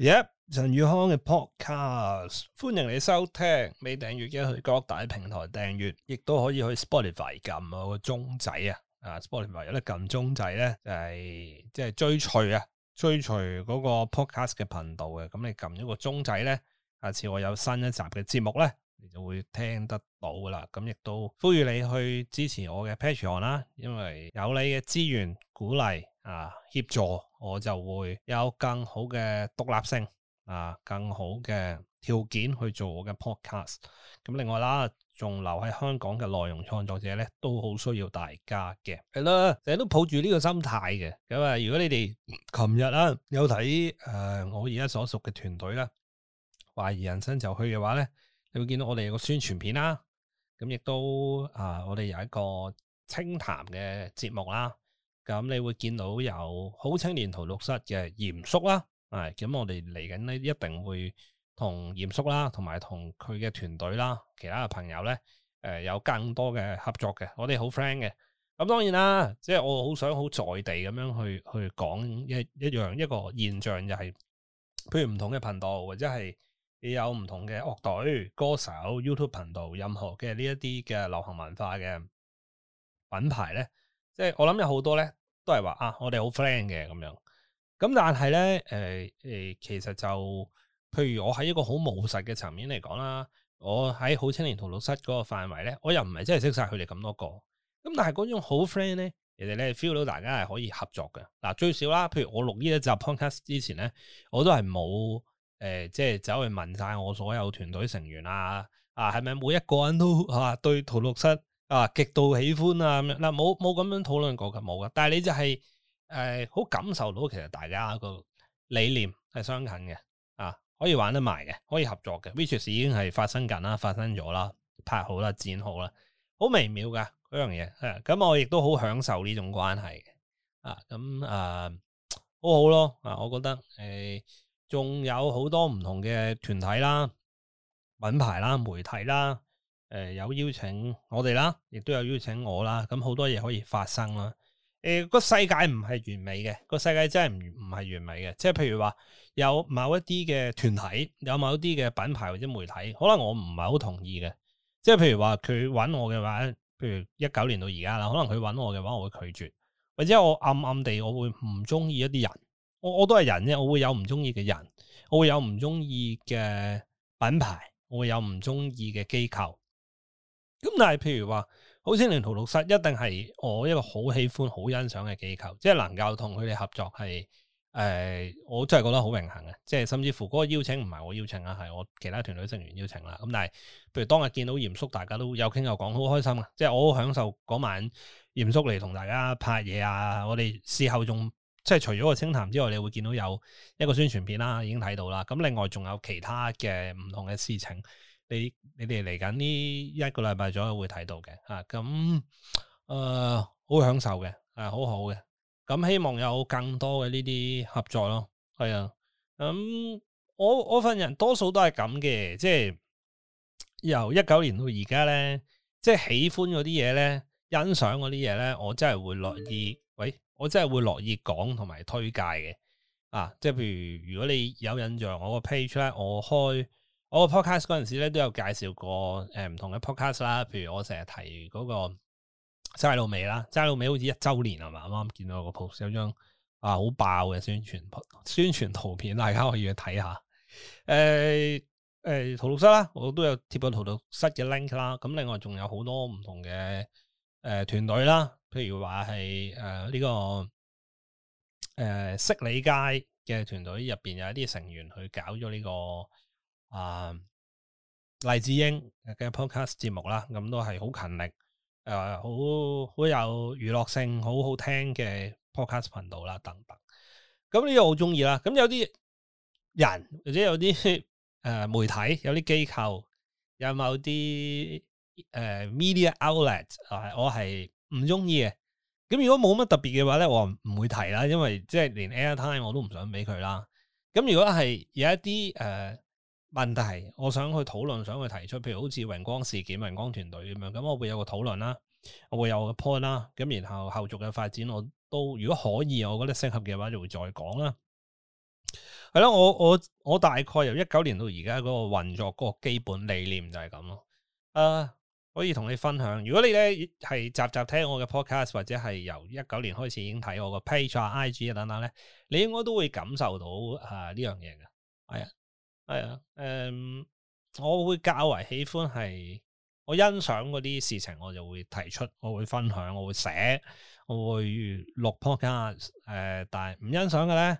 Yep, 陳宇康嘅 podcast，歡迎你收聽。未訂閱嘅去各大平台訂閱，亦都可以去 Spotify，按我個、啊、Spotify 我、就是就是、個，個鐘仔啊！啊，Spotify 有得按鐘仔呢，就是即係追隨啊，追隨嗰個 podcast 嘅頻道嘅。咁你按一個鐘仔呢，下次我有新一集嘅節目呢，你就會聽得到噶啦。咁亦都呼籲你去支持我嘅 Patreon 啦，因為有你嘅資源鼓勵。啊！協助我就會有更好嘅獨立性，啊，更好嘅條件去做我嘅 podcast。咁、啊、另外啦，仲留喺香港嘅內容創作者咧，都好需要大家嘅，係咯，成日都抱住呢個心態嘅。咁啊，如果你哋琴日啊有睇誒、呃、我而家所屬嘅團隊啦，懷疑人生就去嘅話咧，你會見到我哋有個宣傳片啦、啊，咁亦都啊，我哋有一個清談嘅節目啦、啊。咁你會見到有好青年荼毒室嘅鹽叔啦，誒，咁我哋嚟緊咧一定會同鹽叔啦，同埋同佢嘅團隊啦，其他嘅朋友咧，誒、呃，有更多嘅合作嘅，我哋好 friend 嘅。咁當然啦，即係我好想好在地咁樣去去講一一樣一個現象，就係，就係譬如唔同嘅頻道，或者係你有唔同嘅樂隊、歌手、YouTube 頻道、任何嘅呢一啲嘅流行文化嘅品牌咧，即係我諗有好多咧。都係話啊，我哋好 friend 嘅咁樣。咁但係咧，誒、呃、誒、呃，其實就譬如我喺一個好務實嘅層面嚟講啦，我喺好青年淘樂室嗰個範圍咧，我又唔係真係識晒佢哋咁多個。咁但係嗰種好 friend 咧，人哋咧 feel 到大家係可以合作嘅。嗱、啊、最少啦，譬如我錄呢一集 podcast 之前咧，我都係冇誒，即係走去問晒我所有團隊成員啊，啊係咪每一個人都係嘛、啊、對淘樂室？啊，極度喜歡啊？冇冇咁樣討論過嘅，冇嘅，但係你就係、是、好、呃、感受到其實大家個理念係相近嘅，啊可以玩得埋嘅，可以合作嘅 which is 已經係發生緊啦，發生咗啦，拍好啦，剪好啦，好微妙㗎。嗰樣嘢，係、啊、咁我亦都好享受呢種關係啊，咁啊好好咯，啊我覺得仲、呃、有好多唔同嘅團體啦、品牌啦、媒體啦。誒、呃，有邀請我哋啦，亦都有邀請我啦。咁好多嘢，可以發生啦。誒、呃，個世界唔係完美嘅，個世界真係唔唔係完美嘅。即係譬如話，有某一啲嘅團體，有某一啲嘅品牌，或者媒體，可能我唔係好同意嘅。即係譬如話，佢搵我嘅話，譬如一九年到而家啦，可能佢搵我嘅話，我會拒絕，或者我暗暗地我會唔中意一啲人。我我都係人啫，我會有唔中意嘅人，我會有唔中意嘅品牌，我會有唔中意嘅機構。咁但係，譬如話，好青年荼毒室一定係我一個好喜歡、好欣賞嘅機構，即係能夠同佢哋合作，係、呃、誒，我真係覺得好榮幸嘅。即係甚至乎嗰個邀請唔係我邀請啊，係我其他團隊成員邀請啦。咁但係，譬如當日見到嚴叔，大家都有傾又講，好開心啊！即係我好享受嗰晚嚴叔嚟同大家拍嘢啊！我哋事後仲即係除咗個清談之外，你會見到有一個宣傳片啦，已經睇到啦。咁另外仲有其他嘅唔同嘅事情。你你哋嚟緊呢一個禮拜左右會睇到嘅，吓、啊、咁，誒、嗯，好、呃、享受嘅，啊、好好嘅，咁、嗯、希望有更多嘅呢啲合作咯，係啊，咁、嗯、我我份人多數都係咁嘅，即係由一九年到而家咧，即係喜歡嗰啲嘢咧，欣賞嗰啲嘢咧，我真係會樂意，喂、哎，我真係會樂意講同埋推介嘅，啊，即係譬如如果你有印象我個 page 咧，我開。我個 podcast 嗰陣時咧都有介紹過誒唔同嘅 podcast 啦，譬如我成日提嗰個齋老尾啦，齋老尾好似一周年係嘛？啱啱見到個 post 有張啊好爆嘅宣傳宣傳圖片，大家可以去睇下。誒、欸、誒，圖、欸、錄室啦，我都有貼過圖錄室嘅 link 啦。咁另外仲有好多唔同嘅誒團隊啦，譬如話係誒呢個誒識、呃、理街嘅團隊入邊有一啲成員去搞咗呢、呢個。啊，黎智英嘅 podcast 節目啦，咁都係好勤力，誒、呃，好好有娛樂性，好好聽嘅 podcast 頻道啦，等等。咁呢個好中意啦。咁有啲人或者有啲誒、呃、媒體，有啲機構，有某啲誒、呃、media outlet，啊、呃、我係唔中意嘅。咁如果冇乜特別嘅話咧，我唔會提啦，因為即係連 airtime 我都唔想俾佢啦。咁如果係有一啲誒，呃問題係我想去討論，想去提出，譬如好似榮光事件、榮光團隊咁樣，咁我會有個討論啦，我會有個 point 啦，咁然後後續嘅發展，我都如果可以，我覺得適合嘅話，就會再講啦。係咯，我我我大概由一九年到而家嗰個運作個基本理念就係咁咯。誒、呃，可以同你分享，如果你咧係集集聽我嘅 podcast 或者係由一九年開始已經睇我嘅 page 啊、IG 啊等等咧，你應該都會感受到啊呢樣嘢嘅，係啊。係啊，誒、哎，嗯，我會較為喜歡係我欣賞嗰啲事情，我就會提出，我會分享，我會寫，我會錄 podcast 誒。但係唔欣賞嘅咧，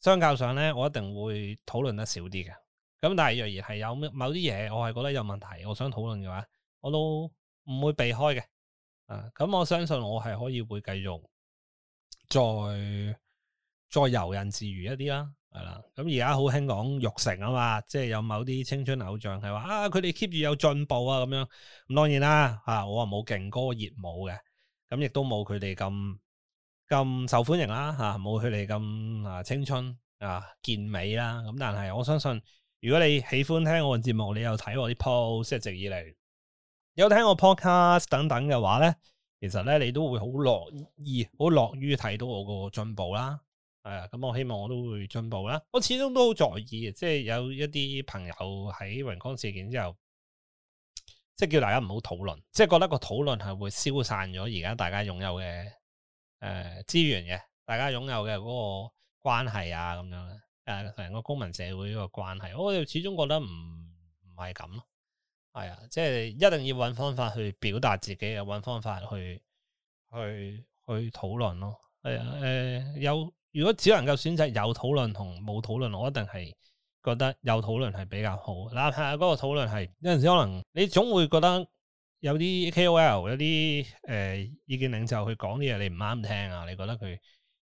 相較上咧，我一定會討論得少啲嘅。咁但係若然係有某啲嘢，我係覺得有問題，我想討論嘅話，我都唔會避開嘅。啊，咁我相信我係可以會繼續再再游刃自如一啲啦。係啦，咁而家好興講育成啊嘛，即係有某啲青春偶像係話啊，佢哋 keep 住有進步啊咁樣。咁當然啦，吓我啊冇勁歌熱舞嘅，咁亦都冇佢哋咁咁受歡迎啦，吓冇佢哋咁啊青春啊健美啦。咁但係我相信，如果你喜歡聽我嘅節目，你又睇我啲 post 一直以嚟，有聽我 podcast 等等嘅話咧，其實咧你都會好樂意、好樂於睇到我個進步啦。係啊，咁、哎、我希望我都會進步啦。我始終都好在意嘅，即係有一啲朋友喺榮光事件之後，即係叫大家唔好討論，即係覺得個討論係會消散咗而家大家擁有嘅誒、呃、資源嘅，大家擁有嘅嗰個關係啊，咁樣誒成個公民社會嗰個關係，我哋始終覺得唔唔係咁咯。係啊、哎，即係一定要揾方法去表達自己嘅，揾方法去去去討論咯。誒誒、嗯哎呃、有。如果只能夠選擇有討論同冇討論，我一定係覺得有討論係比較好。嗱，睇下嗰個討論係有時候可能你總會覺得有啲 KOL 有啲、呃、意見領袖去講啲嘢你唔啱聽呀，你覺得佢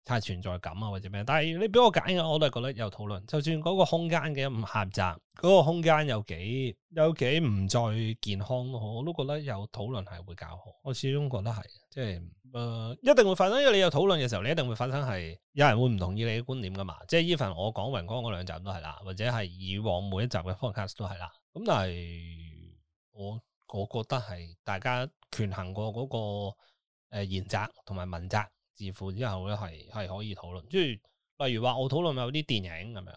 太存在感啊，或者咩？但係你俾我揀嘅，我都係覺得有討論。就算嗰個空間嘅唔狹窄，嗰、那個空間有幾有幾唔再健康都好，我我都覺得有討論係會較好。我始終覺得係，即係誒、呃，一定會發生。因為你有討論嘅時候，你一定會發生係有人會唔同意你嘅觀點噶嘛。即係依份我講榮光嗰兩集都係啦，或者係以往每一集嘅 podcast 都係啦。咁但係我我覺得係大家權衡過嗰個誒言責同埋文責。自負之後咧，係係可以討論，即係例如話我討論有啲電影咁樣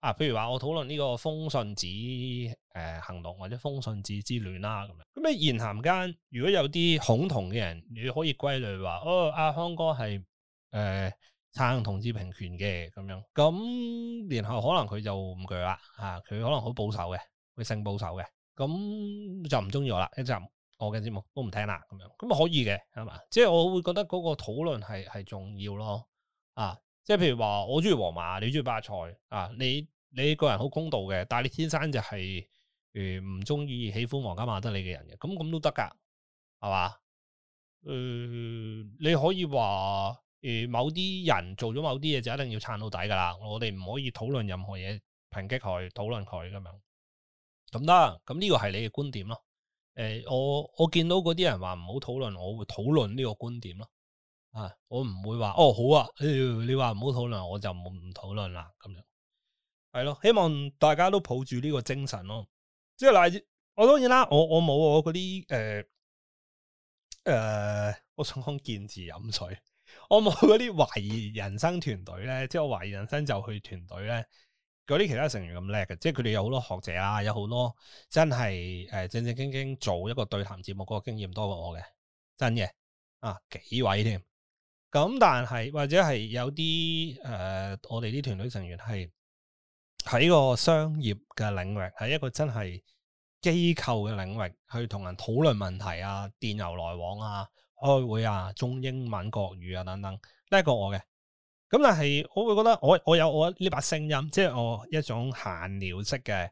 啊，譬如話我討論呢個《風信子》誒、呃、行動或者《風信子之戀》啦咁樣，咁你言談間如果有啲恐同嘅人，你可以歸類話哦，阿、啊、康哥係誒撐同志平權嘅咁樣，咁然後可能佢就唔佢啦嚇，佢、啊、可能好保守嘅，佢性保守嘅，咁就唔中意我啦一陣。我嘅節目都唔聽啦，咁樣咁啊可以嘅係嘛？即係我會覺得嗰個討論係係重要咯，啊！即係譬如話我中意皇馬，你中意巴塞啊？你你個人好公道嘅，但係你天生就係唔中意喜歡皇家馬德里嘅人嘅，咁咁都得噶係嘛？誒、呃，你可以話誒、呃，某啲人做咗某啲嘢就一定要撐到底噶啦，我哋唔可以討論任何嘢抨擊佢，討論佢咁樣，咁得？咁呢個係你嘅觀點咯。誒、欸，我我見到嗰啲人話唔好討論，我會討論呢個觀點咯。啊，我唔會話哦好啊，你話唔好討論，我就唔討論啦。咁樣係咯，希望大家都抱住呢個精神咯。即係例我當然啦，我我冇我嗰啲誒誒，我想講、呃呃、見字飲水，我冇嗰啲懷疑人生團隊咧，即、就、係、是、我懷疑人生就去團隊咧。嗰啲其他成員咁叻嘅，即係佢哋有好多學者啊，有好多真係正正經經做一個對談節目嗰個經驗多過我嘅，真嘅啊幾位添。咁但係或者係有啲誒、呃，我哋啲團隊成員係喺個商業嘅領域，喺一個真係機構嘅領域去同人討論問題啊、電郵來往啊、開會啊、中英文國語啊等等，叻過我嘅。咁但係我會覺得我我有我呢把聲音，即係我一種閒聊式嘅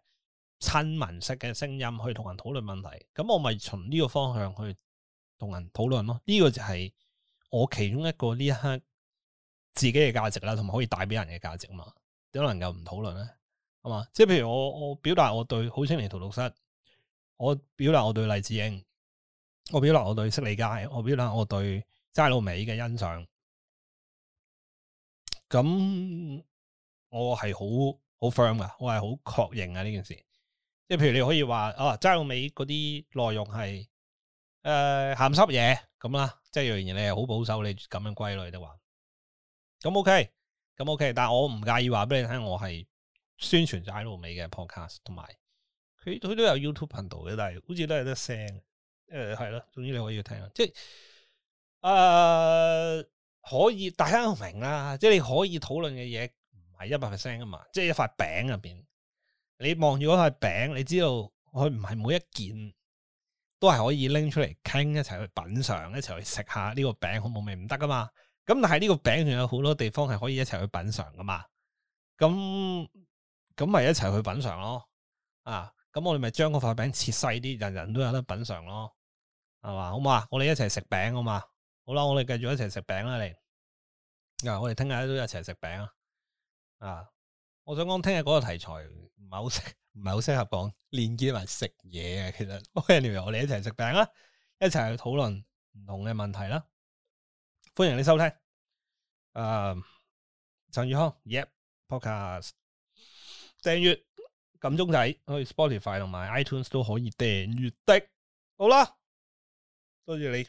親民式嘅聲音去同人討論問題，咁我咪從呢個方向去同人討論咯。呢個就係我其中一個呢一刻自己嘅價值啦，同埋可以帶俾人嘅價值嘛。點能夠唔討論咧？係嘛？即係譬如我我表達我對好青年圖錄室，我表達我對黎智英，我表達我對釋理佳，我表達我對齋老美嘅欣賞。咁我係好好 firm 噶，我係好確認啊呢件事。即係譬如你可以話啊，ILO 美嗰啲內容係誒咸濕嘢咁啦，即係樣嘢你又好保守，你咁樣歸類都話咁 OK，咁 OK，但我唔介意話俾你聽，我係宣傳 ILO 美嘅 podcast，同埋佢佢都有 YouTube 頻道嘅，但係好似都係得聲。誒係啦，總之你可以聽啦。即係誒。呃可以大家明啦，即係你可以討論嘅嘢唔係一百 percent 啊嘛，即係一塊餅入邊，你望住嗰塊餅，你知道佢唔係每一件都係可以拎出嚟，傾一齊去品嘗，一齊去食下呢個餅好冇味唔得噶嘛。咁但係呢個餅仲有好多地方係可以一齊去品嘗噶嘛。咁咁咪一齊去品嘗咯。啊，咁我哋咪將嗰塊餅切細啲，人人都有得品嘗咯，係嘛好嘛？我哋一齊食餅啊嘛。好啦，我哋繼續一齊食餅啦，你。嗱、啊，我哋聽日都一齊食餅啊！啊，我想講聽日嗰個題材唔係好適，唔係好適合講連接埋食嘢嘅。其實，OK，我哋一齊食餅啦，一齊去討論唔同嘅問題啦。歡迎你收聽。啊、呃，陳宇康，Yep，Podcast、yeah，訂閱撳鐘仔，可以 Spotify 同埋 iTunes 都可以訂閱的。好啦，多謝你。